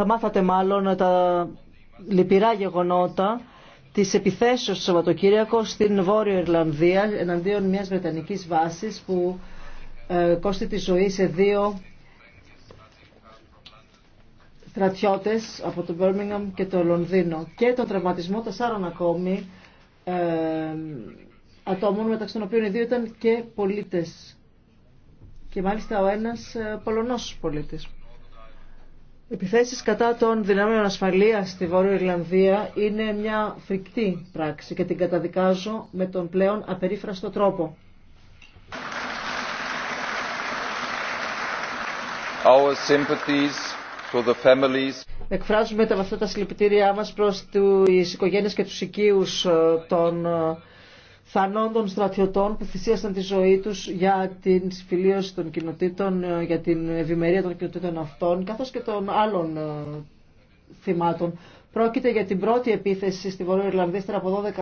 θα μάθατε μάλλον τα λυπηρά γεγονότα τη επιθέσεω του Σαββατοκύριακο στην Βόρειο Ιρλανδία εναντίον μιας Βρετανικής βάσης που ε, κόστη τη ζωή σε δύο στρατιώτε από το Birmingham και το Λονδίνο και τον τραυματισμό τεσσάρων ακόμη ε, ατόμων μεταξύ των οποίων οι δύο ήταν και πολίτες και μάλιστα ο ένας ε, Πολωνός πολίτης επιθέσεις κατά των δυνάμεων ασφαλείας στη Βόρεια Ιρλανδία είναι μια φρικτή πράξη και την καταδικάζω με τον πλέον απερίφραστο τρόπο. Our sympathies the families. Εκφράζουμε τα αυτά συλληπιτήριά μας προς τις οικογένειες και τους οικείους ε, των ε, των στρατιωτών που θυσίασαν τη ζωή τους για την συμφιλίωση των κοινοτήτων, ε, για την ευημερία των κοινοτήτων αυτών, καθώς και των άλλων ε, θυμάτων. Πρόκειται για την πρώτη επίθεση στη Βόρεια Ιρλανδία από 12